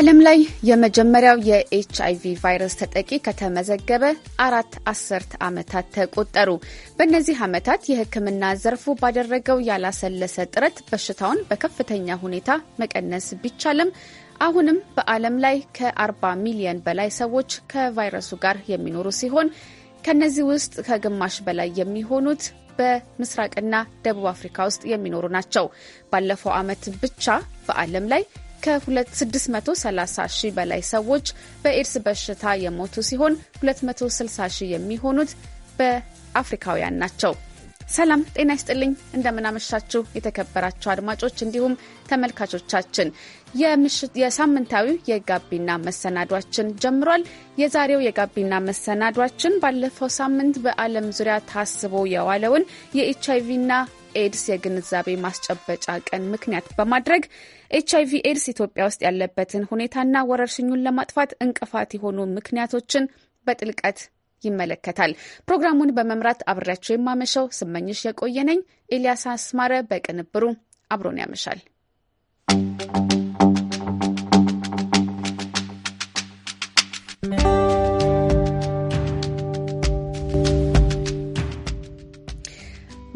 በዓለም ላይ የመጀመሪያው የኤች አይቪ ቫይረስ ተጠቂ ከተመዘገበ አራት አስርት ዓመታት ተቆጠሩ። በእነዚህ ዓመታት የሕክምና ዘርፉ ባደረገው ያላሰለሰ ጥረት በሽታውን በከፍተኛ ሁኔታ መቀነስ ቢቻልም አሁንም በዓለም ላይ ከ40 ሚሊዮን በላይ ሰዎች ከቫይረሱ ጋር የሚኖሩ ሲሆን ከነዚህ ውስጥ ከግማሽ በላይ የሚሆኑት በምስራቅና ደቡብ አፍሪካ ውስጥ የሚኖሩ ናቸው። ባለፈው ዓመት ብቻ በዓለም ላይ ከ630 ሺህ በላይ ሰዎች በኤድስ በሽታ የሞቱ ሲሆን 260 ሺህ የሚሆኑት በአፍሪካውያን ናቸው። ሰላም ጤና ይስጥልኝ። እንደምናመሻችሁ የተከበራችሁ አድማጮች እንዲሁም ተመልካቾቻችን የሳምንታዊ የጋቢና መሰናዷችን ጀምሯል። የዛሬው የጋቢና መሰናዷችን ባለፈው ሳምንት በዓለም ዙሪያ ታስቦ የዋለውን የኤች አይቪና ኤድስ የግንዛቤ ማስጨበጫ ቀን ምክንያት በማድረግ ኤች አይቪ ኤድስ ኢትዮጵያ ውስጥ ያለበትን ሁኔታና ወረርሽኙን ለማጥፋት እንቅፋት የሆኑ ምክንያቶችን በጥልቀት ይመለከታል። ፕሮግራሙን በመምራት አብሬያቸው የማመሸው ስመኝሽ የቆየነኝ። ኤልያስ አስማረ በቅንብሩ አብሮን ያመሻል። Thank you.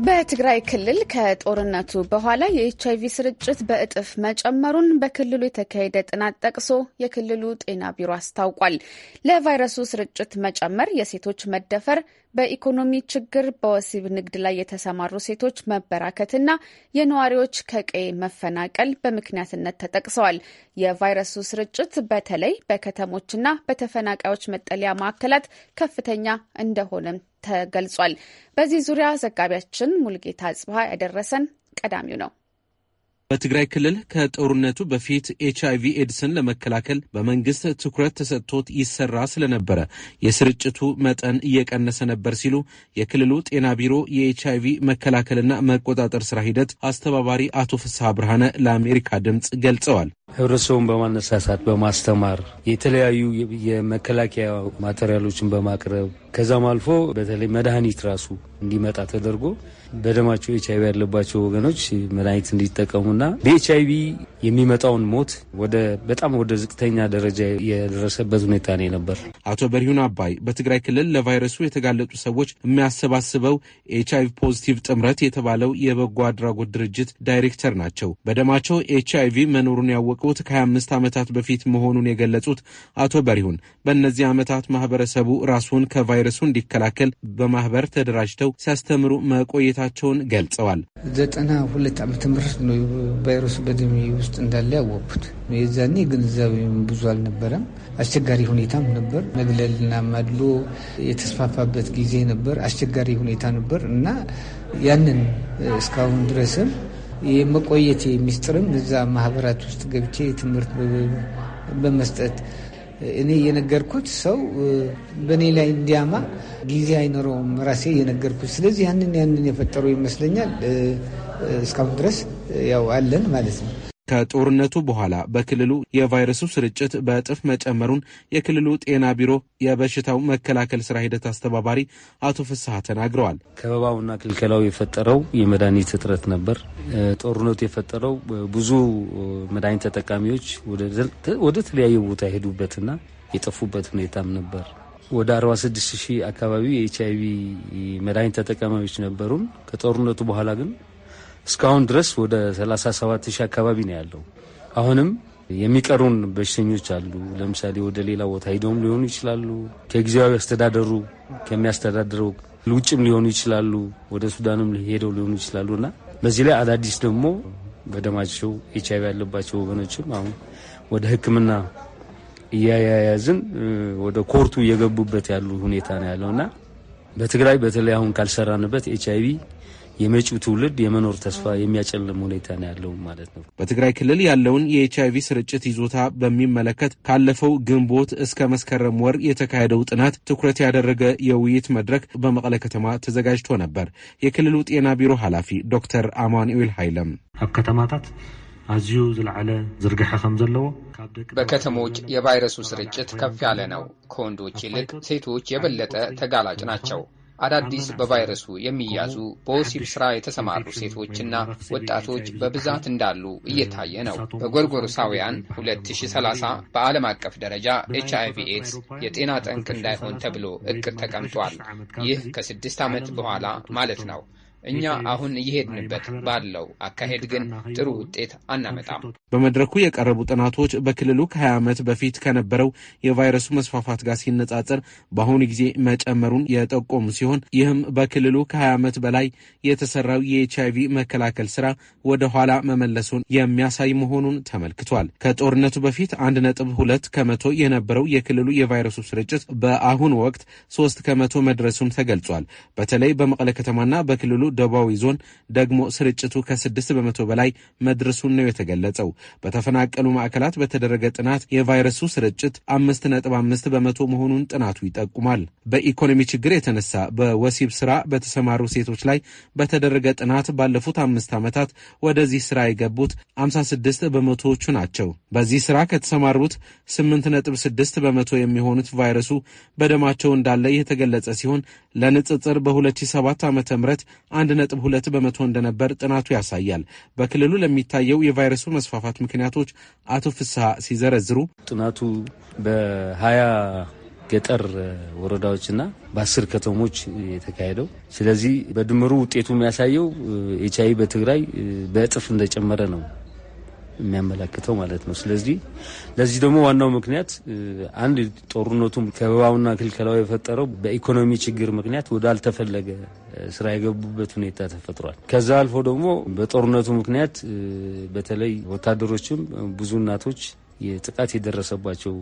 በትግራይ ክልል ከጦርነቱ በኋላ የኤች አይቪ ስርጭት በእጥፍ መጨመሩን በክልሉ የተካሄደ ጥናት ጠቅሶ የክልሉ ጤና ቢሮ አስታውቋል። ለቫይረሱ ስርጭት መጨመር የሴቶች መደፈር፣ በኢኮኖሚ ችግር በወሲብ ንግድ ላይ የተሰማሩ ሴቶች መበራከትና የነዋሪዎች ከቀይ መፈናቀል በምክንያትነት ተጠቅሰዋል። የቫይረሱ ስርጭት በተለይ በከተሞችና በተፈናቃዮች መጠለያ ማዕከላት ከፍተኛ እንደሆነም ተገልጿል። በዚህ ዙሪያ ዘጋቢያችን ሙልጌታ ጽብሃ ያደረሰን ቀዳሚው ነው። በትግራይ ክልል ከጦርነቱ በፊት ኤች አይቪ ኤድስን ለመከላከል በመንግስት ትኩረት ተሰጥቶት ይሰራ ስለነበረ የስርጭቱ መጠን እየቀነሰ ነበር ሲሉ የክልሉ ጤና ቢሮ የኤች አይቪ መከላከልና መቆጣጠር ስራ ሂደት አስተባባሪ አቶ ፍስሐ ብርሃነ ለአሜሪካ ድምፅ ገልጸዋል። ህብረተሰቡን በማነሳሳት በማስተማር የተለያዩ የመከላከያ ማቴሪያሎችን በማቅረብ ከዛም አልፎ በተለይ መድኃኒት ራሱ እንዲመጣ ተደርጎ በደማቸው ኤች አይቪ ያለባቸው ወገኖች መድኃኒት እንዲጠቀሙና በኤች አይቪ የሚመጣውን ሞት ወደ በጣም ወደ ዝቅተኛ ደረጃ የደረሰበት ሁኔታ ነው ነበር። አቶ በሪሁን አባይ በትግራይ ክልል ለቫይረሱ የተጋለጡ ሰዎች የሚያሰባስበው ኤች አይቪ ፖዚቲቭ ጥምረት የተባለው የበጎ አድራጎት ድርጅት ዳይሬክተር ናቸው። በደማቸው ኤች አይቪ መኖሩን ያወቁት ከ25 ዓመታት በፊት መሆኑን የገለጹት አቶ በሪሁን በእነዚህ ዓመታት ማህበረሰቡ ራሱን ከቫይረሱ እንዲከላከል በማህበር ተደራጅተው ሲያስተምሩ መቆየታቸውን ገልጸዋል። ዘጠና ሁለት ዓመተ ምህረት ነው ቫይረሱ በደሜ ውስጥ ውስጥ እንዳለ ያወቅኩት። የዛኔ ግንዛቤም ብዙ አልነበረም። አስቸጋሪ ሁኔታም ነበር። መግለልና ማድሎ የተስፋፋበት ጊዜ ነበር። አስቸጋሪ ሁኔታ ነበር እና ያንን እስካሁን ድረስም የመቆየቴ ሚስጥርም እዛ ማህበራት ውስጥ ገብቼ ትምህርት በመስጠት እኔ የነገርኩት ሰው በእኔ ላይ እንዲያማ ጊዜ አይኖረውም፣ ራሴ የነገርኩት። ስለዚህ ያንን ያንን የፈጠሩ ይመስለኛል። እስካሁን ድረስ ያው አለን ማለት ነው። ከጦርነቱ በኋላ በክልሉ የቫይረሱ ስርጭት በእጥፍ መጨመሩን የክልሉ ጤና ቢሮ የበሽታው መከላከል ስራ ሂደት አስተባባሪ አቶ ፍስሐ ተናግረዋል። ከበባውና ክልከላው የፈጠረው የመድኃኒት እጥረት ነበር። ጦርነቱ የፈጠረው ብዙ መድኃኒት ተጠቃሚዎች ወደ ተለያየ ቦታ የሄዱበትና የጠፉበት ሁኔታም ነበር። ወደ 46 ሺህ አካባቢ የኤች አይቪ መድኃኒት ተጠቃሚዎች ነበሩን። ከጦርነቱ በኋላ ግን እስካሁን ድረስ ወደ 37 ሺህ አካባቢ ነው ያለው። አሁንም የሚቀሩን በሽተኞች አሉ። ለምሳሌ ወደ ሌላ ቦታ ሂደውም ሊሆኑ ይችላሉ። ከጊዜያዊ አስተዳደሩ ከሚያስተዳድረው ውጭም ሊሆኑ ይችላሉ። ወደ ሱዳንም ሄደው ሊሆኑ ይችላሉ እና በዚህ ላይ አዳዲስ ደግሞ በደማቸው ኤች አይቪ ያለባቸው ወገኖችም አሁን ወደ ሕክምና እያያያዝን ወደ ኮርቱ እየገቡበት ያሉ ሁኔታ ነው ያለው እና በትግራይ በተለይ አሁን ካልሰራንበት ኤች አይቪ የመጪው ትውልድ የመኖር ተስፋ የሚያጨልም ሁኔታ ነው ያለው ማለት ነው። በትግራይ ክልል ያለውን የኤች አይቪ ስርጭት ይዞታ በሚመለከት ካለፈው ግንቦት እስከ መስከረም ወር የተካሄደው ጥናት ትኩረት ያደረገ የውይይት መድረክ በመቀለ ከተማ ተዘጋጅቶ ነበር። የክልሉ ጤና ቢሮ ኃላፊ ዶክተር አማኑኤል ኃይለም ኣብ ከተማታት ኣዝዩ ዝለዓለ ዝርግሐ ከም ዘለዎ በከተሞች የቫይረሱ ስርጭት ከፍ ያለ ነው። ከወንዶች ይልቅ ሴቶች የበለጠ ተጋላጭ ናቸው። አዳዲስ በቫይረሱ የሚያዙ በወሲብ ስራ የተሰማሩ ሴቶችና ወጣቶች በብዛት እንዳሉ እየታየ ነው። በጎርጎሮሳውያን 2030 በዓለም አቀፍ ደረጃ ኤች አይቪ ኤድስ የጤና ጠንቅ እንዳይሆን ተብሎ እቅድ ተቀምጧል። ይህ ከስድስት ዓመት በኋላ ማለት ነው። እኛ አሁን እየሄድንበት ባለው አካሄድ ግን ጥሩ ውጤት አናመጣም። በመድረኩ የቀረቡ ጥናቶች በክልሉ ከ20 ዓመት በፊት ከነበረው የቫይረሱ መስፋፋት ጋር ሲነጻጸር በአሁኑ ጊዜ መጨመሩን የጠቆሙ ሲሆን ይህም በክልሉ ከ20 ዓመት በላይ የተሰራው የኤች አይቪ መከላከል ስራ ወደ ኋላ መመለሱን የሚያሳይ መሆኑን ተመልክቷል። ከጦርነቱ በፊት 1.2 ከመቶ የነበረው የክልሉ የቫይረሱ ስርጭት በአሁኑ ወቅት 3 ከመቶ መድረሱን ተገልጿል። በተለይ በመቀለ ከተማና በክልሉ ደቡባዊ ዞን ደግሞ ስርጭቱ ከስድስት በመቶ በላይ መድረሱን ነው የተገለጸው። በተፈናቀሉ ማዕከላት በተደረገ ጥናት የቫይረሱ ስርጭት አምስት ነጥብ አምስት በመቶ መሆኑን ጥናቱ ይጠቁማል። በኢኮኖሚ ችግር የተነሳ በወሲብ ስራ በተሰማሩ ሴቶች ላይ በተደረገ ጥናት ባለፉት አምስት ዓመታት ወደዚህ ስራ የገቡት 56 በመቶዎቹ ናቸው። በዚህ ስራ ከተሰማሩት 8.6 በመቶ የሚሆኑት ቫይረሱ በደማቸው እንዳለ የተገለጸ ሲሆን ለንጽጽር በ2007 ዓ ም አንድ ነጥብ ሁለት በመቶ እንደነበር ጥናቱ ያሳያል። በክልሉ ለሚታየው የቫይረሱ መስፋፋት ምክንያቶች አቶ ፍስሐ ሲዘረዝሩ ጥናቱ በሀያ ገጠር ወረዳዎችና በአስር ከተሞች የተካሄደው። ስለዚህ በድምሩ ውጤቱ የሚያሳየው ኤች አይ በትግራይ በእጥፍ እንደጨመረ ነው የሚያመላክተው ማለት ነው። ስለዚህ ለዚህ ደግሞ ዋናው ምክንያት አንድ ጦርነቱም ከበባውና ክልከላው የፈጠረው በኢኮኖሚ ችግር ምክንያት አልተፈለገ ስራ የገቡበት ሁኔታ ተፈጥሯል። ከዛ አልፎ ደግሞ በጦርነቱ ምክንያት በተለይ ወታደሮችም ብዙ እናቶች ጥቃት የደረሰባቸው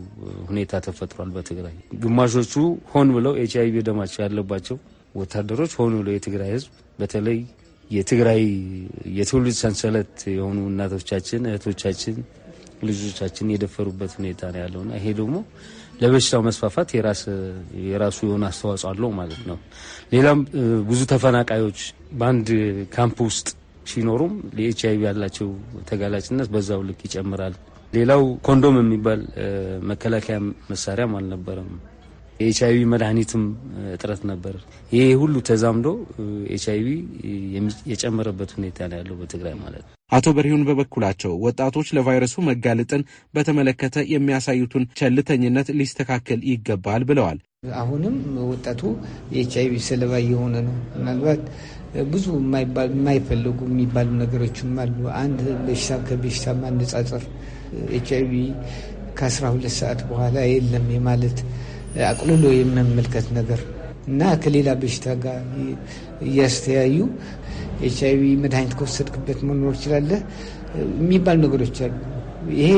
ሁኔታ ተፈጥሯል። በትግራይ ግማሾቹ ሆን ብለው ኤች አይቪ ደማቸው ያለባቸው ወታደሮች ሆን ብለው የትግራይ ህዝብ በተለይ የትግራይ የትውልድ ሰንሰለት የሆኑ እናቶቻችን፣ እህቶቻችን፣ ልጆቻችን የደፈሩበት ሁኔታ ነው ያለውና ይሄ ደግሞ ለበሽታው መስፋፋት የራሱ የሆነ አስተዋጽኦ አለው ማለት ነው። ሌላም ብዙ ተፈናቃዮች በአንድ ካምፕ ውስጥ ሲኖሩም ለኤች አይቪ ያላቸው ተጋላጭነት በዛው ልክ ይጨምራል። ሌላው ኮንዶም የሚባል መከላከያ መሳሪያም አልነበረም። የኤች አይቪ መድኃኒትም እጥረት ነበር። ይህ ሁሉ ተዛምዶ ኤች አይቪ የጨመረበት ሁኔታ ነው ያለው በትግራይ ማለት ነው። አቶ በሪሁን በበኩላቸው ወጣቶች ለቫይረሱ መጋለጥን በተመለከተ የሚያሳዩትን ቸልተኝነት ሊስተካከል ይገባል ብለዋል። አሁንም ወጣቱ የኤች አይቪ ሰለባ የሆነ ነው። ምናልባት ብዙ የማይፈለጉ የሚባሉ ነገሮችም አሉ። አንድ በሽታ ከበሽታ ማነጻጸር ኤች አይቪ ከአስራ ሁለት ሰዓት በኋላ የለም የማለት አቅልሎ የመመልከት ነገር እና ከሌላ በሽታ ጋር እያስተያዩ ኤች አይ ቪ መድኃኒት ከወሰድክበት መኖር ይችላለህ የሚባሉ ነገሮች አሉ። ይሄ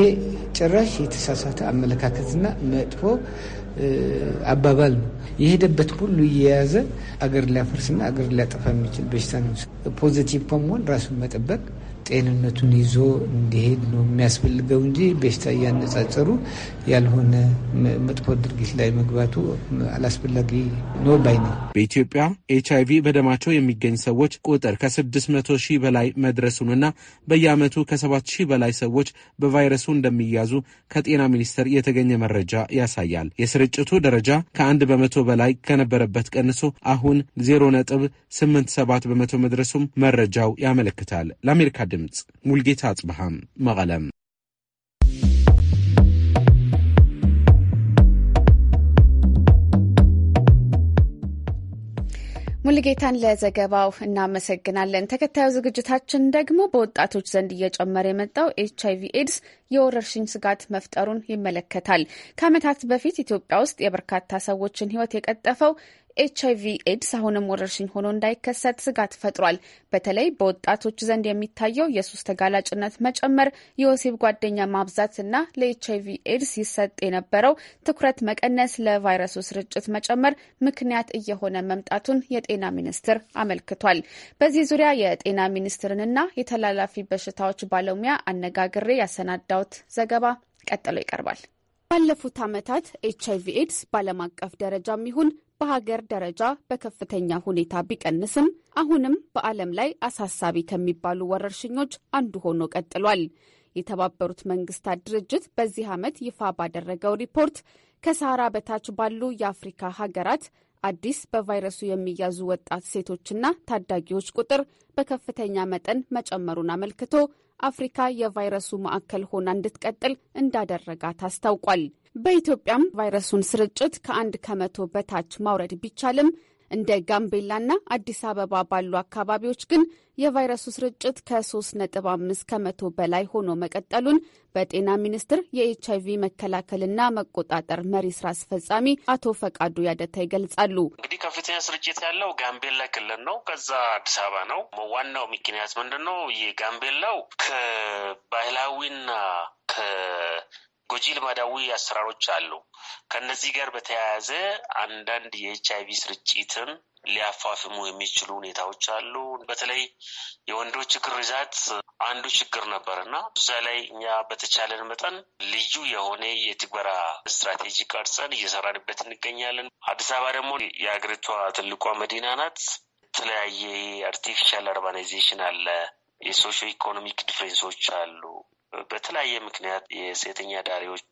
ጭራሽ የተሳሳተ አመለካከትና መጥፎ አባባል ነው። የሄደበት ሁሉ እየያዘ አገር ሊያፈርስና አገር ሊያጠፋ የሚችል በሽታ ነው። ፖዘቲቭ ከመሆን ራሱን መጠበቅ ጤንነቱን ይዞ እንዲሄድ ነው የሚያስፈልገው እንጂ በሽታ እያነጻጸሩ ያልሆነ መጥፎ ድርጊት ላይ መግባቱ አላስፈላጊ ነው ባይ ነው። በኢትዮጵያ ኤች ቪ በደማቸው የሚገኝ ሰዎች ቁጥር ከ መቶ ሺህ በላይ መድረሱንና በየዓመቱ ከ7 ሺህ በላይ ሰዎች በቫይረሱ እንደሚያዙ ከጤና ሚኒስቴር የተገኘ መረጃ ያሳያል። የስርጭቱ ደረጃ ከአንድ በመቶ በላይ ከነበረበት ቀንሶ አሁን 0ነጥብ ሰባት በመቶ መድረሱም መረጃው ያመለክታል። ለአሜሪካ ድምፅ ሙልጌታ አጽብሃም መቐለም። ሙልጌታን ለዘገባው እናመሰግናለን። ተከታዩ ዝግጅታችን ደግሞ በወጣቶች ዘንድ እየጨመረ የመጣው ኤች አይቪ ኤድስ የወረርሽኝ ስጋት መፍጠሩን ይመለከታል። ከዓመታት በፊት ኢትዮጵያ ውስጥ የበርካታ ሰዎችን ሕይወት የቀጠፈው ኤች አይቪ ኤድስ አሁንም ወረርሽኝ ሆኖ እንዳይከሰት ስጋት ፈጥሯል። በተለይ በወጣቶች ዘንድ የሚታየው የሱስ ተጋላጭነት መጨመር፣ የወሲብ ጓደኛ እና ለኤች አይቪ ኤድስ ይሰጥ የነበረው ትኩረት መቀነስ ለቫይረሱ ስርጭት መጨመር ምክንያት እየሆነ መምጣቱን የጤና ሚኒስቴር አመልክቷል። በዚህ ዙሪያ የጤና ሚኒስቴርንና የተላላፊ በሽታዎች ባለሙያ አነጋግሬ ያሰናዳውት ዘገባ ቀጥሎ ይቀርባል። ባለፉት ዓመታት ኤች አይቪ ኤድስ በዓለም አቀፍ ደረጃም ይሁን በሀገር ደረጃ በከፍተኛ ሁኔታ ቢቀንስም አሁንም በዓለም ላይ አሳሳቢ ከሚባሉ ወረርሽኞች አንዱ ሆኖ ቀጥሏል። የተባበሩት መንግስታት ድርጅት በዚህ ዓመት ይፋ ባደረገው ሪፖርት ከሳህራ በታች ባሉ የአፍሪካ ሀገራት አዲስ በቫይረሱ የሚያዙ ወጣት ሴቶችና ታዳጊዎች ቁጥር በከፍተኛ መጠን መጨመሩን አመልክቶ አፍሪካ የቫይረሱ ማዕከል ሆና እንድትቀጥል እንዳደረጋት አስታውቋል። በኢትዮጵያም ቫይረሱን ስርጭት ከአንድ ከመቶ በታች ማውረድ ቢቻልም እንደ ጋምቤላና አዲስ አበባ ባሉ አካባቢዎች ግን የቫይረሱ ስርጭት ከ አምስት ከመቶ በላይ ሆኖ መቀጠሉን በጤና ሚኒስቴር የኤች አይቪ መከላከልና መቆጣጠር መሪ ስራ አስፈጻሚ አቶ ፈቃዱ ያደታ ይገልጻሉ። እንግዲህ ከፍተኛ ስርጭት ያለው ጋምቤላ ክልል ነው። ከዛ አዲስ አበባ ነው። ዋናው ምክንያት ምንድን ነው? ይህ ጋምቤላው ከባህላዊና ጎጂ ልማዳዊ አሰራሮች አሉ። ከነዚህ ጋር በተያያዘ አንዳንድ የኤች አይቪ ስርጭትን ሊያፋፍሙ የሚችሉ ሁኔታዎች አሉ። በተለይ የወንዶች ግርዛት አንዱ ችግር ነበር እና እዛ ላይ እኛ በተቻለን መጠን ልዩ የሆነ የትግበራ ስትራቴጂ ቀርጸን እየሰራንበት እንገኛለን። አዲስ አበባ ደግሞ የሀገሪቷ ትልቋ መዲና ናት። የተለያየ አርቲፊሻል አርባናይዜሽን አለ። የሶሾ ኢኮኖሚክ ዲፍሬንሶች አሉ። በተለያየ ምክንያት የሴተኛ ዳሪዎች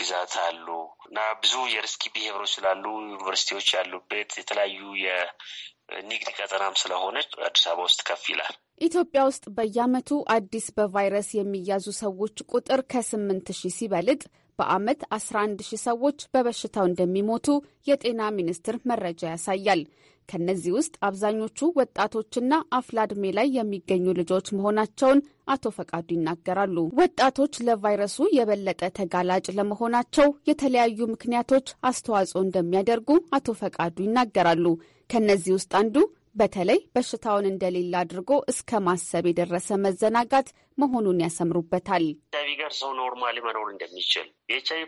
ብዛት አሉ እና ብዙ የሪስኪ ብሄሮች ስላሉ ዩኒቨርሲቲዎች ያሉበት የተለያዩ የንግድ ቀጠናም ስለሆነች አዲስ አበባ ውስጥ ከፍ ይላል። ኢትዮጵያ ውስጥ በየዓመቱ አዲስ በቫይረስ የሚያዙ ሰዎች ቁጥር ከስምንት ሺህ ሲበልጥ በዓመት 11 ሺህ ሰዎች በበሽታው እንደሚሞቱ የጤና ሚኒስቴር መረጃ ያሳያል። ከነዚህ ውስጥ አብዛኞቹ ወጣቶችና አፍላ ዕድሜ ላይ የሚገኙ ልጆች መሆናቸውን አቶ ፈቃዱ ይናገራሉ። ወጣቶች ለቫይረሱ የበለጠ ተጋላጭ ለመሆናቸው የተለያዩ ምክንያቶች አስተዋጽኦ እንደሚያደርጉ አቶ ፈቃዱ ይናገራሉ። ከነዚህ ውስጥ አንዱ በተለይ በሽታውን እንደሌለ አድርጎ እስከ ማሰብ የደረሰ መዘናጋት መሆኑን ያሰምሩበታል። ቢገር ሰው ኖርማሊ መኖር እንደሚችል የኤች አይ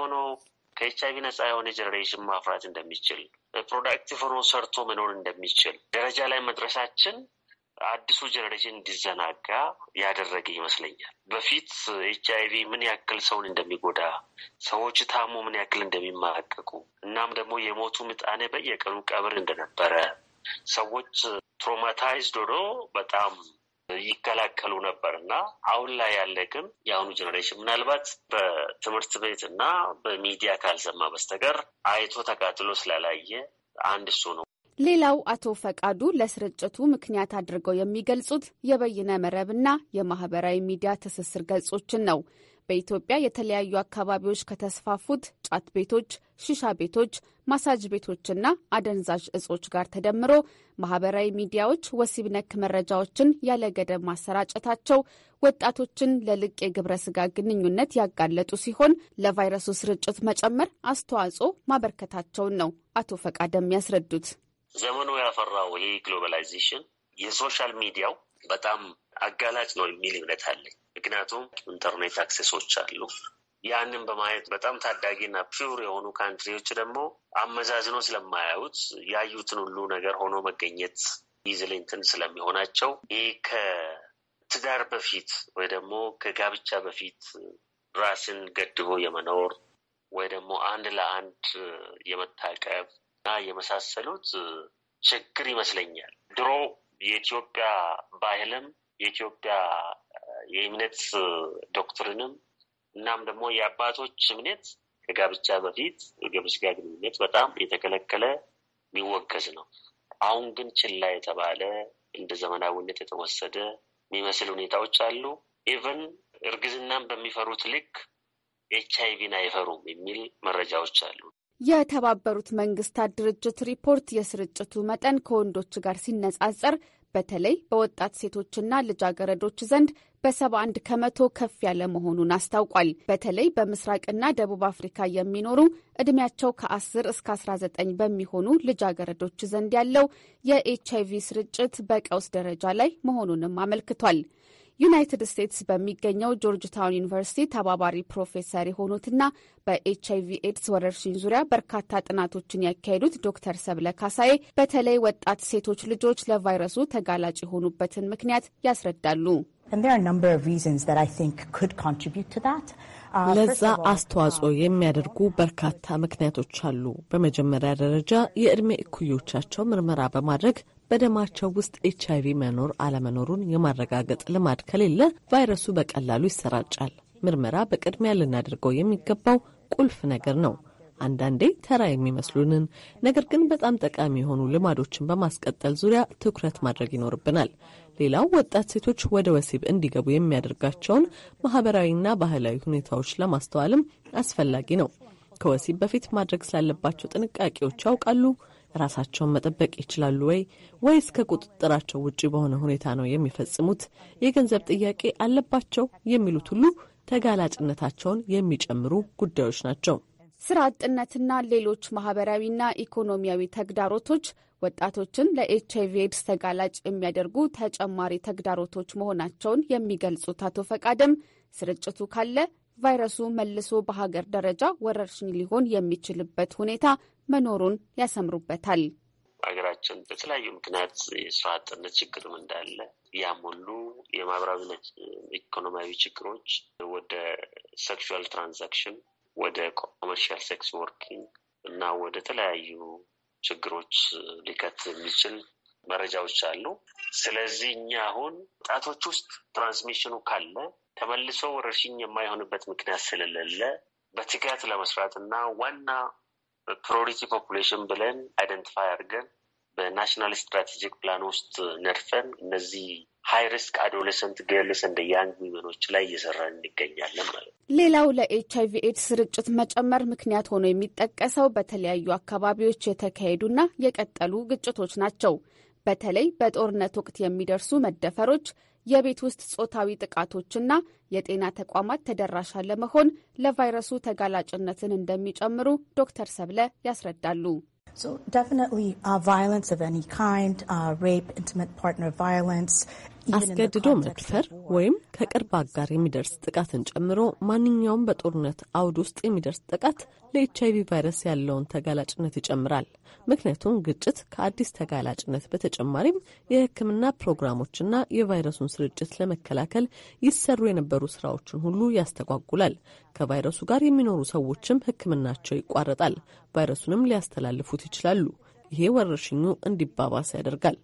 ሆኖ ከኤች አይቪ ነጻ የሆነ ጀኔሬሽን ማፍራት እንደሚችል፣ ፕሮዳክቲቭ ሆኖ ሰርቶ መኖር እንደሚችል ደረጃ ላይ መድረሳችን አዲሱ ጀኔሬሽን እንዲዘናጋ ያደረገ ይመስለኛል። በፊት ኤችአይቪ ምን ያክል ሰውን እንደሚጎዳ፣ ሰዎች ታሞ ምን ያክል እንደሚማቀቁ እናም ደግሞ የሞቱ ምጣኔ በየቀኑ ቀብር እንደነበረ ሰዎች ትሮማታይዝድ ሆኖ በጣም ይከላከሉ ነበር እና አሁን ላይ ያለ ግን የአሁኑ ጀኔሬሽን ምናልባት በትምህርት ቤት እና በሚዲያ ካልሰማ በስተቀር አይቶ ተቃጥሎ ስላላየ አንድ እሱ ነው። ሌላው አቶ ፈቃዱ ለስርጭቱ ምክንያት አድርገው የሚገልጹት የበይነ መረብና የማህበራዊ ሚዲያ ትስስር ገጾችን ነው። በኢትዮጵያ የተለያዩ አካባቢዎች ከተስፋፉት ጫት ቤቶች፣ ሺሻ ቤቶች፣ ማሳጅ ቤቶችና አደንዛዥ እጾች ጋር ተደምሮ ማህበራዊ ሚዲያዎች ወሲብ ነክ መረጃዎችን ያለ ገደብ ማሰራጨታቸው ወጣቶችን ለልቅ የግብረ ስጋ ግንኙነት ያጋለጡ ሲሆን ለቫይረሱ ስርጭት መጨመር አስተዋጽኦ ማበርከታቸውን ነው አቶ ፈቃደም ያስረዱት ዘመኑ ያፈራው ይህ ግሎባላይዜሽን የሶሻል ሚዲያው በጣም አጋላጭ ነው የሚል እምነት አለኝ። ምክንያቱም ኢንተርኔት አክሴሶች አሉ ያንን በማየት በጣም ታዳጊና ፒውር የሆኑ ካንትሪዎች ደግሞ አመዛዝኖ ስለማያዩት ያዩትን ሁሉ ነገር ሆኖ መገኘት ይዝልንትን ስለሚሆናቸው ይህ ከትዳር በፊት ወይ ደግሞ ከጋብቻ በፊት ራስን ገድቦ የመኖር ወይ ደግሞ አንድ ለአንድ የመታቀብ እና የመሳሰሉት ችግር ይመስለኛል። ድሮ የኢትዮጵያ ባህልም የኢትዮጵያ የእምነት ዶክትሪንም እናም ደግሞ የአባቶች እምነት ከጋብቻ በፊት የስጋ ግንኙነት በጣም የተከለከለ የሚወገዝ ነው። አሁን ግን ችላ የተባለ እንደ ዘመናዊነት የተወሰደ የሚመስል ሁኔታዎች አሉ። ኢቨን እርግዝናን በሚፈሩት ልክ ኤች አይቪን አይፈሩም የሚል መረጃዎች አሉ። የተባበሩት መንግስታት ድርጅት ሪፖርት የስርጭቱ መጠን ከወንዶች ጋር ሲነጻጸር በተለይ በወጣት ሴቶችና ልጃገረዶች ዘንድ በ71 ከመቶ ከፍ ያለ መሆኑን አስታውቋል። በተለይ በምስራቅና ደቡብ አፍሪካ የሚኖሩ ዕድሜያቸው ከ10 እስከ 19 በሚሆኑ ልጃገረዶች ዘንድ ያለው የኤች አይቪ ስርጭት በቀውስ ደረጃ ላይ መሆኑንም አመልክቷል። ዩናይትድ ስቴትስ በሚገኘው ጆርጅ ታውን ዩኒቨርሲቲ ተባባሪ ፕሮፌሰር የሆኑትና በኤች አይቪ ኤድስ ወረርሽኝ ዙሪያ በርካታ ጥናቶችን ያካሄዱት ዶክተር ሰብለ ካሳዬ በተለይ ወጣት ሴቶች ልጆች ለቫይረሱ ተጋላጭ የሆኑበትን ምክንያት ያስረዳሉ። ለዛ አስተዋጽኦ uh, የሚያደርጉ በርካታ ምክንያቶች አሉ። በመጀመሪያ ደረጃ የእድሜ እኩዮቻቸው ምርመራ በማድረግ በደማቸው ውስጥ ኤች አይቪ መኖር አለመኖሩን የማረጋገጥ ልማድ ከሌለ ቫይረሱ በቀላሉ ይሰራጫል። ምርመራ በቅድሚያ ልናደርገው የሚገባው ቁልፍ ነገር ነው። አንዳንዴ ተራ የሚመስሉንን ነገር ግን በጣም ጠቃሚ የሆኑ ልማዶችን በማስቀጠል ዙሪያ ትኩረት ማድረግ ይኖርብናል። ሌላው ወጣት ሴቶች ወደ ወሲብ እንዲገቡ የሚያደርጋቸውን ማህበራዊና ባህላዊ ሁኔታዎች ለማስተዋልም አስፈላጊ ነው። ከወሲብ በፊት ማድረግ ስላለባቸው ጥንቃቄዎች ያውቃሉ? ራሳቸውን መጠበቅ ይችላሉ ወይ? ወይስ ከቁጥጥራቸው ውጪ በሆነ ሁኔታ ነው የሚፈጽሙት? የገንዘብ ጥያቄ አለባቸው? የሚሉት ሁሉ ተጋላጭነታቸውን የሚጨምሩ ጉዳዮች ናቸው። ስራ አጥነትና ሌሎች ማህበራዊና ኢኮኖሚያዊ ተግዳሮቶች ወጣቶችን ለኤች አይቪ ኤድስ ተጋላጭ የሚያደርጉ ተጨማሪ ተግዳሮቶች መሆናቸውን የሚገልጹት አቶ ፈቃድም ስርጭቱ ካለ ቫይረሱ መልሶ በሀገር ደረጃ ወረርሽኝ ሊሆን የሚችልበት ሁኔታ መኖሩን ያሰምሩበታል። ሀገራችን በተለያዩ ምክንያት የስራ አጥነት ችግርም እንዳለ ያም ሁሉ የማህበራዊና ኢኮኖሚያዊ ችግሮች ወደ ሴክሹዋል ትራንዛክሽን፣ ወደ ኮመርሻል ሴክስ ወርኪንግ እና ወደ ተለያዩ ችግሮች ሊከት የሚችል መረጃዎች አሉ። ስለዚህ እኛ አሁን ጣቶች ውስጥ ትራንስሚሽኑ ካለ ተመልሶ ወረርሽኝ የማይሆንበት ምክንያት ስለሌለ በትጋት ለመስራት እና ዋና ፕሪዮሪቲ ፖፑሌሽን ብለን አይደንቲፋይ አድርገን በናሽናል ስትራቴጂክ ፕላን ውስጥ ነድፈን እነዚህ ሀይ ሪስክ አዶለሰንት ገርልስ እንደ ያንግ ዊመኖች ላይ እየሰራ እንገኛለን ማለት ነው። ሌላው ለኤች አይቪ ኤድስ ስርጭት መጨመር ምክንያት ሆኖ የሚጠቀሰው በተለያዩ አካባቢዎች የተካሄዱና የቀጠሉ ግጭቶች ናቸው። በተለይ በጦርነት ወቅት የሚደርሱ መደፈሮች፣ የቤት ውስጥ ጾታዊ ጥቃቶችና የጤና ተቋማት ተደራሽ ለመሆን ለቫይረሱ ተጋላጭነትን እንደሚጨምሩ ዶክተር ሰብለ ያስረዳሉ። So definitely uh, violence of any kind, uh, rape, intimate partner violence, አስገድዶ መድፈር ወይም ከቅርብ አጋር የሚደርስ ጥቃትን ጨምሮ ማንኛውም በጦርነት አውድ ውስጥ የሚደርስ ጥቃት ለኤች አይቪ ቫይረስ ያለውን ተጋላጭነት ይጨምራል። ምክንያቱም ግጭት ከአዲስ ተጋላጭነት በተጨማሪም የሕክምና ፕሮግራሞችና የቫይረሱን ስርጭት ለመከላከል ይሰሩ የነበሩ ስራዎችን ሁሉ ያስተጓጉላል። ከቫይረሱ ጋር የሚኖሩ ሰዎችም ሕክምናቸው ይቋረጣል። ቫይረሱንም ሊያስተላልፉት ይችላሉ። ይሄ ወረርሽኙ እንዲባባስ ያደርጋል።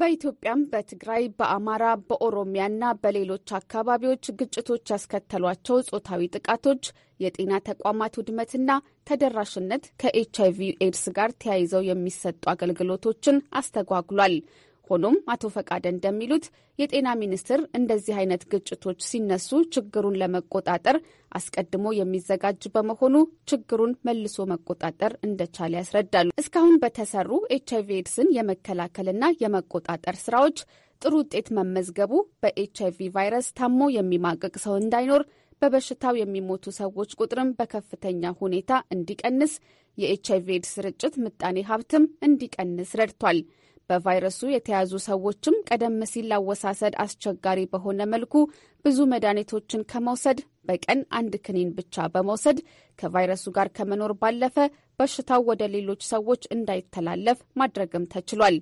በኢትዮጵያም በትግራይ በአማራ በኦሮሚያና በሌሎች አካባቢዎች ግጭቶች ያስከተሏቸው ጾታዊ ጥቃቶች የጤና ተቋማት ውድመትና ተደራሽነት ከኤች አይቪ ኤድስ ጋር ተያይዘው የሚሰጡ አገልግሎቶችን አስተጓጉሏል። ሆኖም አቶ ፈቃደ እንደሚሉት የጤና ሚኒስቴር እንደዚህ አይነት ግጭቶች ሲነሱ ችግሩን ለመቆጣጠር አስቀድሞ የሚዘጋጅ በመሆኑ ችግሩን መልሶ መቆጣጠር እንደቻለ ያስረዳሉ። እስካሁን በተሰሩ ኤች አይቪ ኤድስን የመከላከልና የመቆጣጠር ስራዎች ጥሩ ውጤት መመዝገቡ በኤች አይቪ ቫይረስ ታሞ የሚማቀቅ ሰው እንዳይኖር በበሽታው የሚሞቱ ሰዎች ቁጥርም በከፍተኛ ሁኔታ እንዲቀንስ የኤች አይቪ ኤድስ ስርጭት ምጣኔ ሀብትም እንዲቀንስ ረድቷል። በቫይረሱ የተያዙ ሰዎችም ቀደም ሲል ላወሳሰድ አስቸጋሪ በሆነ መልኩ ብዙ መድኃኒቶችን ከመውሰድ በቀን አንድ ክኒን ብቻ በመውሰድ ከቫይረሱ ጋር ከመኖር ባለፈ በሽታው ወደ ሌሎች ሰዎች እንዳይተላለፍ ማድረግም ተችሏል።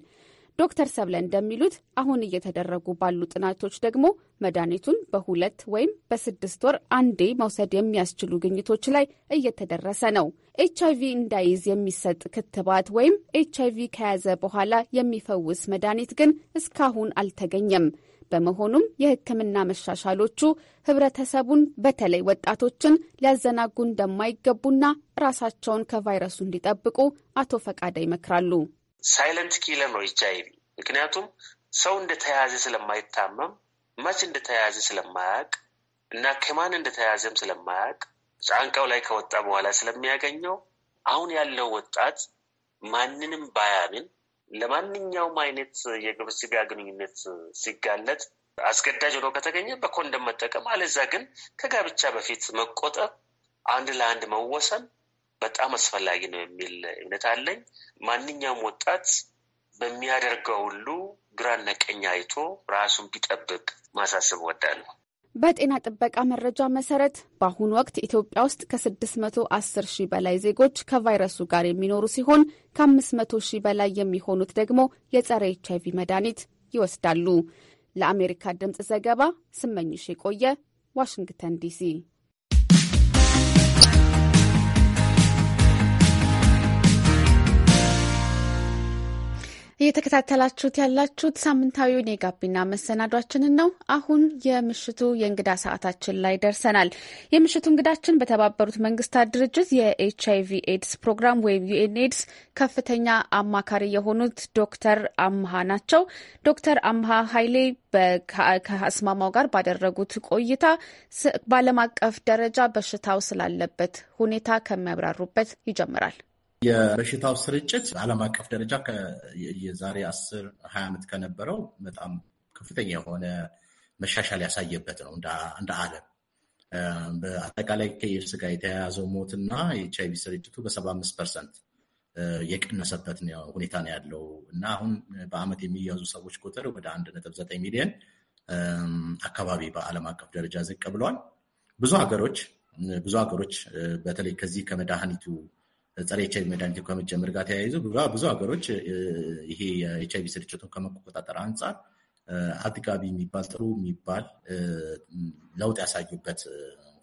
ዶክተር ሰብለ እንደሚሉት አሁን እየተደረጉ ባሉ ጥናቶች ደግሞ መድኃኒቱን በሁለት ወይም በስድስት ወር አንዴ መውሰድ የሚያስችሉ ግኝቶች ላይ እየተደረሰ ነው። ኤች አይቪ እንዳይዝ የሚሰጥ ክትባት ወይም ኤች አይቪ ከያዘ በኋላ የሚፈውስ መድኃኒት ግን እስካሁን አልተገኘም። በመሆኑም የሕክምና መሻሻሎቹ ህብረተሰቡን በተለይ ወጣቶችን ሊያዘናጉ እንደማይገቡና ራሳቸውን ከቫይረሱ እንዲጠብቁ አቶ ፈቃደ ይመክራሉ። ሳይለንት ኪለር ነው ይቺ ምክንያቱም ሰው እንደተያያዘ ስለማይታመም መች እንደተያያዘ ስለማያውቅ እና ከማን እንደተያዘም ስለማያውቅ ጫንቃው ላይ ከወጣ በኋላ ስለሚያገኘው አሁን ያለው ወጣት ማንንም ባያምን ለማንኛውም አይነት የግብረ ስጋ ግንኙነት ሲጋለጥ አስገዳጅ ሆኖ ከተገኘ በኮንደም መጠቀም አለዛ ግን ከጋብቻ በፊት መቆጠብ፣ አንድ ለአንድ መወሰን በጣም አስፈላጊ ነው የሚል እምነት አለኝ። ማንኛውም ወጣት በሚያደርገው ሁሉ ግራና ቀኝ አይቶ ራሱን ቢጠብቅ ማሳሰብ እወዳለሁ። በጤና ጥበቃ መረጃ መሰረት በአሁኑ ወቅት ኢትዮጵያ ውስጥ ከ610 ሺህ በላይ ዜጎች ከቫይረሱ ጋር የሚኖሩ ሲሆን ከ500 ሺህ በላይ የሚሆኑት ደግሞ የጸረ ኤች አይቪ መድኃኒት ይወስዳሉ። ለአሜሪካ ድምፅ ዘገባ ስመኝሽ የቆየ ዋሽንግተን ዲሲ። እየተከታተላችሁት ያላችሁት ሳምንታዊውን የጋቢና መሰናዷችንን ነው። አሁን የምሽቱ የእንግዳ ሰዓታችን ላይ ደርሰናል። የምሽቱ እንግዳችን በተባበሩት መንግስታት ድርጅት የኤች አይቪ ኤድስ ፕሮግራም ወይም ዩኤን ኤድስ ከፍተኛ አማካሪ የሆኑት ዶክተር አምሃ ናቸው። ዶክተር አምሃ ኃይሌ ከአስማማው ጋር ባደረጉት ቆይታ በዓለም አቀፍ ደረጃ በሽታው ስላለበት ሁኔታ ከሚያብራሩበት ይጀምራል። የበሽታው ስርጭት ዓለም አቀፍ ደረጃ የዛሬ አስር ሀያ ዓመት ከነበረው በጣም ከፍተኛ የሆነ መሻሻል ያሳየበት ነው። እንደ ዓለም በአጠቃላይ ከኤድስ ጋር የተያያዘው ሞት እና የኤች አይቪ ስርጭቱ በሰባ አምስት ፐርሰንት የቀነሰበት ሁኔታ ነው ያለው እና አሁን በአመት የሚያዙ ሰዎች ቁጥር ወደ አንድ ነጥብ ዘጠኝ ሚሊዮን አካባቢ በዓለም አቀፍ ደረጃ ዝቅ ብሏል። ብዙ ሀገሮች ብዙ ሀገሮች በተለይ ከዚህ ከመድኃኒቱ ጸረ ኤች አይቪ መድኃኒቱ ከመጀመር ጋር ተያይዞ ብዙ ሀገሮች ይሄ የኤች አይቪ ስርጭቱን ከመቆጣጠር አንጻር አጥጋቢ የሚባል ጥሩ የሚባል ለውጥ ያሳዩበት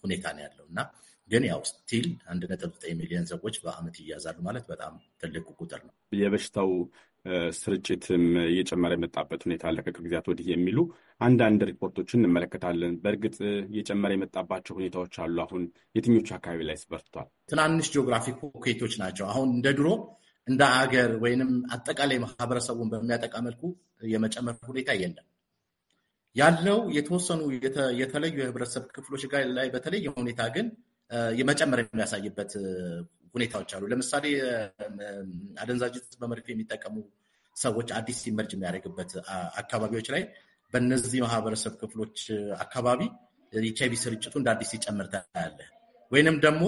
ሁኔታ ነው ያለው እና ግን ያው ስቲል አንድ ነጥብ ዘጠኝ ሚሊዮን ሰዎች በአመት ይያዛሉ ማለት በጣም ትልቅ ቁጥር ነው። የበሽታው ስርጭትም እየጨመረ የመጣበት ሁኔታ አለ ከቅርብ ጊዜያት ወዲህ የሚሉ አንዳንድ ሪፖርቶችን እንመለከታለን። በእርግጥ እየጨመረ የመጣባቸው ሁኔታዎች አሉ። አሁን የትኞቹ አካባቢ ላይ ስበርቷል? ትናንሽ ጂኦግራፊ ፖኬቶች ናቸው። አሁን እንደ ድሮ እንደ አገር ወይንም አጠቃላይ ማህበረሰቡን በሚያጠቃ መልኩ የመጨመር ሁኔታ የለም። ያለው የተወሰኑ የተለዩ የህብረተሰብ ክፍሎች ጋር ላይ በተለየ ሁኔታ ግን የመጨመር የሚያሳይበት ሁኔታዎች አሉ። ለምሳሌ አደንዛዥ በመርፌ የሚጠቀሙ ሰዎች አዲስ ሲመርጅ የሚያደርግበት አካባቢዎች ላይ በእነዚህ ማህበረሰብ ክፍሎች አካባቢ ኤች አይቪ ስርጭቱ እንደ አዲስ ይጨምር ታያለ። ወይንም ደግሞ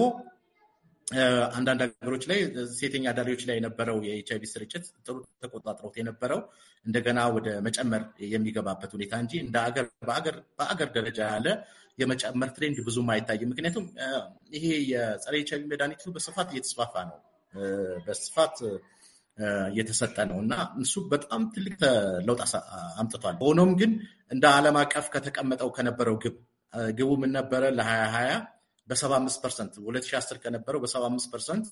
አንዳንድ ሀገሮች ላይ ሴተኛ አዳሪዎች ላይ የነበረው የኤች አይቪ ስርጭት ጥሩ ተቆጣጥሮት የነበረው እንደገና ወደ መጨመር የሚገባበት ሁኔታ እንጂ እንደ በአገር ደረጃ ያለ የመጨመር ትሬንድ ብዙም አይታይም። ምክንያቱም ይሄ የጸረ ኤች አይቪ መድኃኒቱ በስፋት እየተስፋፋ ነው። በስፋት የተሰጠ ነው እና እሱ በጣም ትልቅ ለውጥ አምጥቷል። ሆኖም ግን እንደ ዓለም አቀፍ ከተቀመጠው ከነበረው ግብ ግቡ ምን ነበረ? ለ2020 በ75 ፐርሰንት 2010 ከነበረው በ75 ፐርሰንት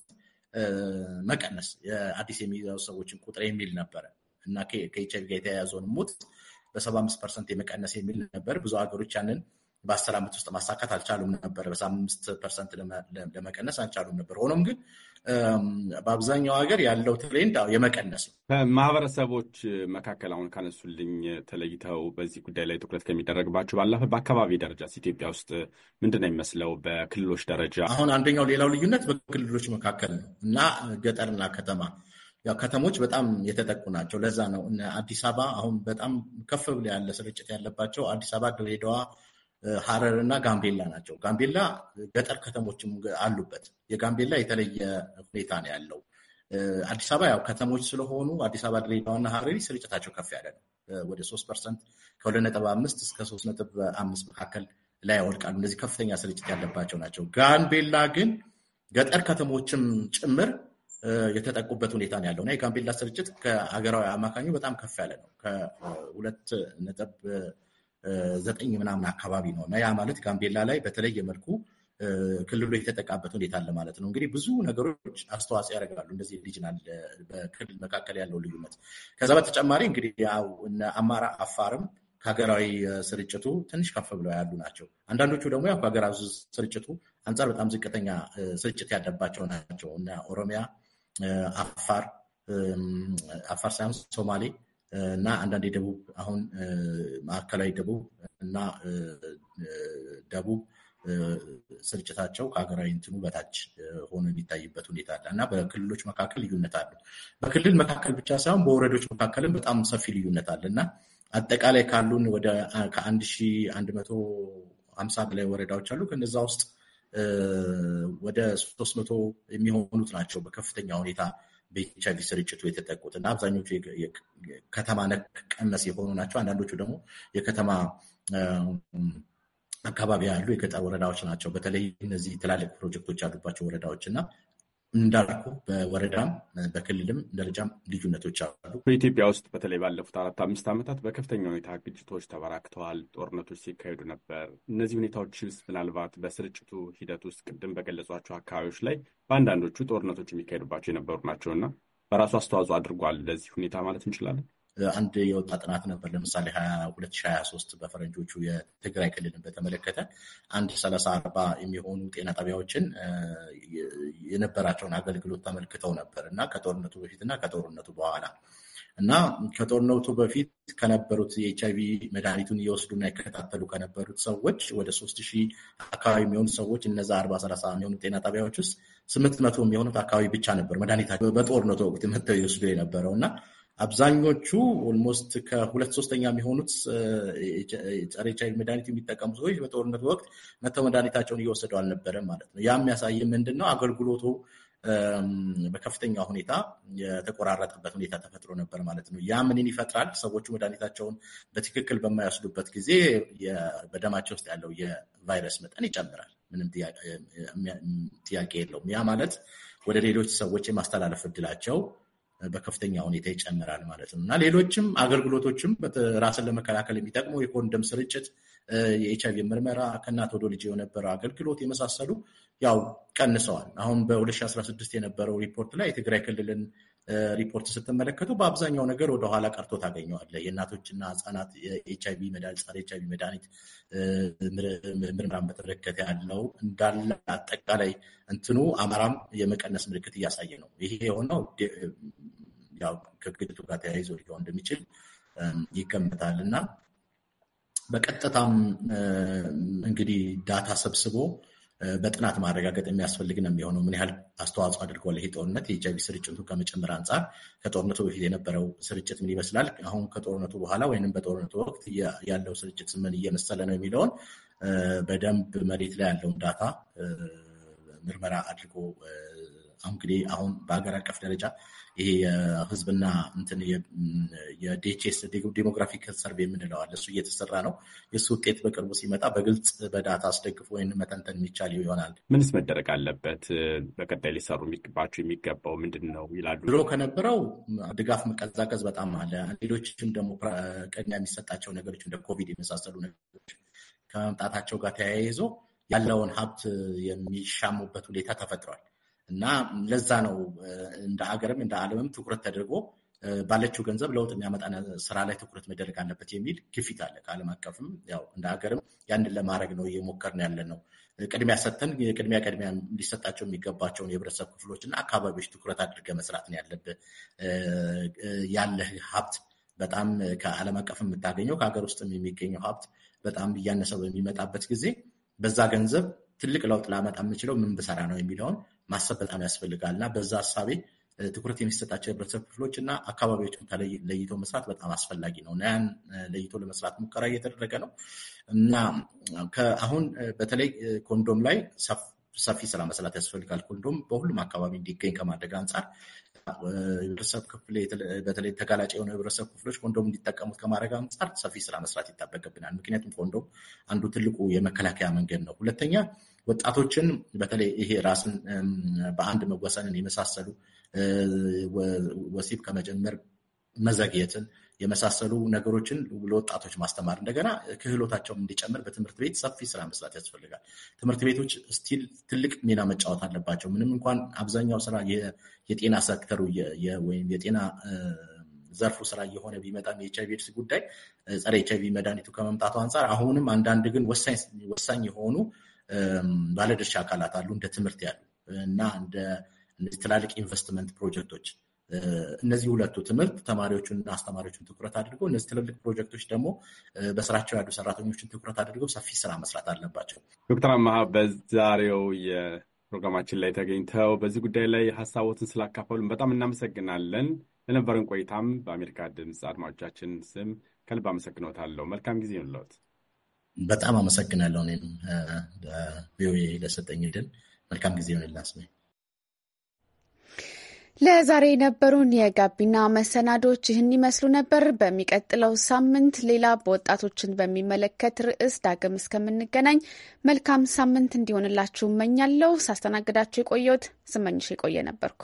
መቀነስ የአዲስ የሚይዘው ሰዎችን ቁጥር የሚል ነበረ እና ከኤች አይ ቪ ጋር የተያያዘውን ሞት በ75 ፐርሰንት የመቀነስ የሚል ነበር። ብዙ ሀገሮች ያንን በአስር ዓመት ውስጥ ማሳካት አልቻሉም ነበር። በአምስት ፐርሰንት ለመቀነስ አልቻሉም ነበር። ሆኖም ግን በአብዛኛው ሀገር ያለው ትሬንድ የመቀነስ ነው። ከማህበረሰቦች መካከል አሁን ካነሱልኝ ተለይተው በዚህ ጉዳይ ላይ ትኩረት ከሚደረግባቸው ባለፈ በአካባቢ ደረጃ ኢትዮጵያ ውስጥ ምንድን ነው የሚመስለው? በክልሎች ደረጃ አሁን አንደኛው ሌላው ልዩነት በክልሎች መካከል ነው እና ገጠርና ከተማ ያው ከተሞች በጣም የተጠቁ ናቸው። ለዛ ነው አዲስ አበባ አሁን በጣም ከፍ ብሎ ያለ ስርጭት ያለባቸው አዲስ አበባ፣ ድሬዳዋ ሀረር እና ጋምቤላ ናቸው። ጋምቤላ ገጠር ከተሞችም አሉበት። የጋምቤላ የተለየ ሁኔታ ነው ያለው። አዲስ አበባ ያው ከተሞች ስለሆኑ አዲስ አበባ፣ ድሬዳዋና ሀረሪ ስርጭታቸው ከፍ ያለ ነው። ወደ ሶስት ፐርሰንት ከሁለት ነጥብ አምስት እስከ ሶስት ነጥብ አምስት መካከል ላይ ያወድቃሉ። እነዚህ ከፍተኛ ስርጭት ያለባቸው ናቸው። ጋምቤላ ግን ገጠር ከተሞችም ጭምር የተጠቁበት ሁኔታ ነው ያለው እና የጋምቤላ ስርጭት ከሀገራዊ አማካኙ በጣም ከፍ ያለ ነው ከሁለት ነጥብ ዘጠኝ ምናምን አካባቢ ነው እና ያ ማለት ጋምቤላ ላይ በተለየ መልኩ ክልሉ የተጠቃበት ሁኔታ አለ ማለት ነው። እንግዲህ ብዙ ነገሮች አስተዋጽኦ ያደርጋሉ። እንደዚህ ሪጅናል በክልል መካከል ያለው ልዩነት። ከዛ በተጨማሪ እንግዲህ ያው አማራ አፋርም ከሀገራዊ ስርጭቱ ትንሽ ከፍ ብለው ያሉ ናቸው። አንዳንዶቹ ደግሞ ያው ከሀገራዊ ስርጭቱ አንጻር በጣም ዝቅተኛ ስርጭት ያለባቸው ናቸው እና ኦሮሚያ፣ አፋር አፋር ሳይሆን ሶማሌ እና አንዳንድ የደቡብ አሁን ማዕከላዊ ደቡብ እና ደቡብ ስርጭታቸው ከሀገራዊ እንትኑ በታች ሆኖ የሚታይበት ሁኔታ አለ እና በክልሎች መካከል ልዩነት አለ። በክልል መካከል ብቻ ሳይሆን በወረዶች መካከልም በጣም ሰፊ ልዩነት አለ እና አጠቃላይ ካሉን ወደ ከአንድ ሺ አንድ መቶ ሀምሳ በላይ ወረዳዎች አሉ። ከነዛ ውስጥ ወደ ሶስት መቶ የሚሆኑት ናቸው በከፍተኛ ሁኔታ በኤች አይቪ ስርጭቱ የተጠቁት እና አብዛኞቹ ከተማ ነክ ቀነስ የሆኑ ናቸው። አንዳንዶቹ ደግሞ የከተማ አካባቢ ያሉ የገጠር ወረዳዎች ናቸው። በተለይ እነዚህ ትላልቅ ፕሮጀክቶች ያሉባቸው ወረዳዎች እና እንዳልኩ በወረዳም በክልልም ደረጃም ልዩነቶች አሉ። በኢትዮጵያ ውስጥ በተለይ ባለፉት አራት አምስት ዓመታት በከፍተኛ ሁኔታ ግጭቶች ተበራክተዋል፣ ጦርነቶች ሲካሄዱ ነበር። እነዚህ ሁኔታዎችስ ምናልባት በስርጭቱ ሂደት ውስጥ ቅድም በገለጿቸው አካባቢዎች ላይ በአንዳንዶቹ ጦርነቶች የሚካሄዱባቸው የነበሩ እና በራሱ አስተዋጽኦ አድርጓል ለዚህ ሁኔታ ማለት እንችላለን? አንድ የወጣ ጥናት ነበር። ለምሳሌ 2023 በፈረንጆቹ የትግራይ ክልልን በተመለከተ አንድ 34 የሚሆኑ ጤና ጣቢያዎችን የነበራቸውን አገልግሎት ተመልክተው ነበር እና ከጦርነቱ በፊት እና ከጦርነቱ በኋላ እና ከጦርነቱ በፊት ከነበሩት የኤች አይቪ መድኃኒቱን እየወስዱና ይከታተሉ ከነበሩት ሰዎች ወደ ሶስት ሺህ አካባቢ የሚሆኑ ሰዎች እነዛ አርባ ሰላሳ የሚሆኑ ጤና ጣቢያዎች ውስጥ ስምንት መቶ የሚሆኑት አካባቢ ብቻ ነበር መድኃኒታቸው በጦርነቱ ወቅት መጥተው ይወስዱ የነበረው እና አብዛኞቹ ኦልሞስት ከሁለት ሶስተኛ የሚሆኑት ጸረ ኤችአይቪ መድኃኒት የሚጠቀሙ ሰዎች በጦርነት ወቅት መተው መድኃኒታቸውን እየወሰዱ አልነበረም ማለት ነው። ያ የሚያሳይ ምንድን ነው? አገልግሎቱ በከፍተኛ ሁኔታ የተቆራረጠበት ሁኔታ ተፈጥሮ ነበር ማለት ነው። ያ ምንን ይፈጥራል? ሰዎቹ መድኃኒታቸውን በትክክል በማይወስዱበት ጊዜ በደማቸው ውስጥ ያለው የቫይረስ መጠን ይጨምራል። ምንም ጥያቄ የለውም። ያ ማለት ወደ ሌሎች ሰዎች የማስተላለፍ እድላቸው በከፍተኛ ሁኔታ ይጨምራል ማለት ነው እና ሌሎችም አገልግሎቶችም ራስን ለመከላከል የሚጠቅሙ የኮንደም ስርጭት፣ የኤች አይቪ ምርመራ፣ ከእናት ወደ ልጅ የነበረው አገልግሎት የመሳሰሉ ያው ቀንሰዋል። አሁን በ2016 የነበረው ሪፖርት ላይ የትግራይ ክልልን ሪፖርት ስትመለከቱ በአብዛኛው ነገር ወደኋላ ቀርቶ ታገኘዋለ። የእናቶችና ህጻናት ኤች መድኃኒት ጸረ ኤች አይቪ መድኃኒት ምርምራን በተመለከተ ያለው እንዳለ አጠቃላይ እንትኑ አማራም የመቀነስ ምልክት እያሳየ ነው። ይሄ የሆነው ከግጭቱ ጋር ተያይዞ ሊሆን እንደሚችል ይገመታል እና በቀጥታም እንግዲህ ዳታ ሰብስቦ በጥናት ማረጋገጥ የሚያስፈልግ ነው የሚሆነው። ምን ያህል አስተዋጽኦ አድርጓል ይሄ ጦርነት የኤች ስርጭቱ ከመጨመር አንጻር ከጦርነቱ በፊት የነበረው ስርጭት ምን ይመስላል፣ አሁን ከጦርነቱ በኋላ ወይም በጦርነቱ ወቅት ያለው ስርጭት ምን እየመሰለ ነው የሚለውን በደንብ መሬት ላይ ያለውን ዳታ ምርመራ አድርጎ አሁን እንግዲህ አሁን በሀገር አቀፍ ደረጃ ይሄ የህዝብና እንትን የዲኤችኤስ ዴሞግራፊክ ሰርቬ የምንለዋል እሱ እየተሰራ ነው። የእሱ ውጤት በቅርቡ ሲመጣ በግልጽ በዳታ አስደግፎ ወይም መተንተን የሚቻል ይሆናል። ምንስ መደረግ አለበት? በቀጣይ ሊሰሩ የሚባቸው የሚገባው ምንድን ነው ይላሉ። ድሮ ከነበረው ድጋፍ መቀዛቀዝ በጣም አለ። ሌሎችም ደግሞ ቅድሚያ የሚሰጣቸው ነገሮች እንደ ኮቪድ የመሳሰሉ ነገሮች ከመምጣታቸው ጋር ተያይዞ ያለውን ሀብት የሚሻሙበት ሁኔታ ተፈጥሯል። እና ለዛ ነው እንደ ሀገርም እንደ ዓለምም ትኩረት ተደርጎ ባለችው ገንዘብ ለውጥ የሚያመጣ ስራ ላይ ትኩረት መደረግ አለበት የሚል ግፊት አለ። ከዓለም አቀፍም ያው እንደ ሀገርም ያንን ለማድረግ ነው እየሞከርን ያለን ነው። ቅድሚያ ሰተን ቅድሚያ ቅድሚያ ሊሰጣቸው የሚገባቸውን የህብረተሰብ ክፍሎች እና አካባቢዎች ትኩረት አድርገ መስራት ነው ያለብህ። ያለህ ሀብት በጣም ከዓለም አቀፍ የምታገኘው ከሀገር ውስጥ የሚገኘው ሀብት በጣም እያነሰው በሚመጣበት ጊዜ በዛ ገንዘብ ትልቅ ለውጥ ላመጣ የምችለው ምን ብሰራ ነው የሚለውን ማሰብ በጣም ያስፈልጋል እና በዛ ሀሳቤ ትኩረት የሚሰጣቸው የህብረተሰብ ክፍሎች እና አካባቢዎችን ለይቶ መስራት በጣም አስፈላጊ ነው እና ያን ለይቶ ለመስራት ሙከራ እየተደረገ ነው እና አሁን በተለይ ኮንዶም ላይ ሰፊ ስራ መስራት ያስፈልጋል። ኮንዶም በሁሉም አካባቢ እንዲገኝ ከማድረግ አንጻር ህብረተሰብ ክፍል በተለይ ተጋላጭ የሆኑ ህብረተሰብ ክፍሎች ኮንዶም እንዲጠቀሙት ከማድረግ አንጻር ሰፊ ስራ መስራት ይጠበቅብናል። ምክንያቱም ኮንዶም አንዱ ትልቁ የመከላከያ መንገድ ነው። ሁለተኛ ወጣቶችን በተለይ ይሄ ራስን በአንድ መወሰንን የመሳሰሉ ወሲብ ከመጀመር መዘግየትን የመሳሰሉ ነገሮችን ለወጣቶች ማስተማር እንደገና ክህሎታቸውም እንዲጨምር በትምህርት ቤት ሰፊ ስራ መስራት ያስፈልጋል። ትምህርት ቤቶች ስቲል ትልቅ ሚና መጫወት አለባቸው። ምንም እንኳን አብዛኛው ስራ የጤና ሰክተሩ ወይም የጤና ዘርፉ ስራ እየሆነ ቢመጣም የኤች አይቪ ኤድስ ጉዳይ ጸረ ኤች አይቪ መድኃኒቱ ከመምጣቱ አንጻር አሁንም አንዳንድ ግን ወሳኝ የሆኑ ባለድርሻ አካላት አሉ እንደ ትምህርት ያሉ እና እንደ ትላልቅ ኢንቨስትመንት ፕሮጀክቶች እነዚህ ሁለቱ ትምህርት ተማሪዎቹንና አስተማሪዎቹን ትኩረት አድርገው፣ እነዚህ ትልልቅ ፕሮጀክቶች ደግሞ በስራቸው ያሉ ሰራተኞችን ትኩረት አድርገው ሰፊ ስራ መስራት አለባቸው። ዶክተር አመሀ በዛሬው የፕሮግራማችን ላይ ተገኝተው በዚህ ጉዳይ ላይ ሀሳቦትን ስላካፈሉን በጣም እናመሰግናለን። ለነበረን ቆይታም በአሜሪካ ድምፅ አድማጮቻችን ስም ከልብ አመሰግኖታለሁ። መልካም ጊዜ ይሁንልዎት። በጣም አመሰግናለሁ። እኔም ቪኦኤ ለሰጠኝ ድል መልካም ጊዜ ይሁንላችሁ። ለዛሬ የነበሩን የጋቢና መሰናዶች ይህን ይመስሉ ነበር። በሚቀጥለው ሳምንት ሌላ በወጣቶችን በሚመለከት ርዕስ ዳግም እስከምንገናኝ መልካም ሳምንት እንዲሆንላችሁ እመኛለሁ። ሳስተናግዳችሁ የቆየሁት ስመኝሽ የቆየ ነበርኩ።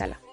ሰላም።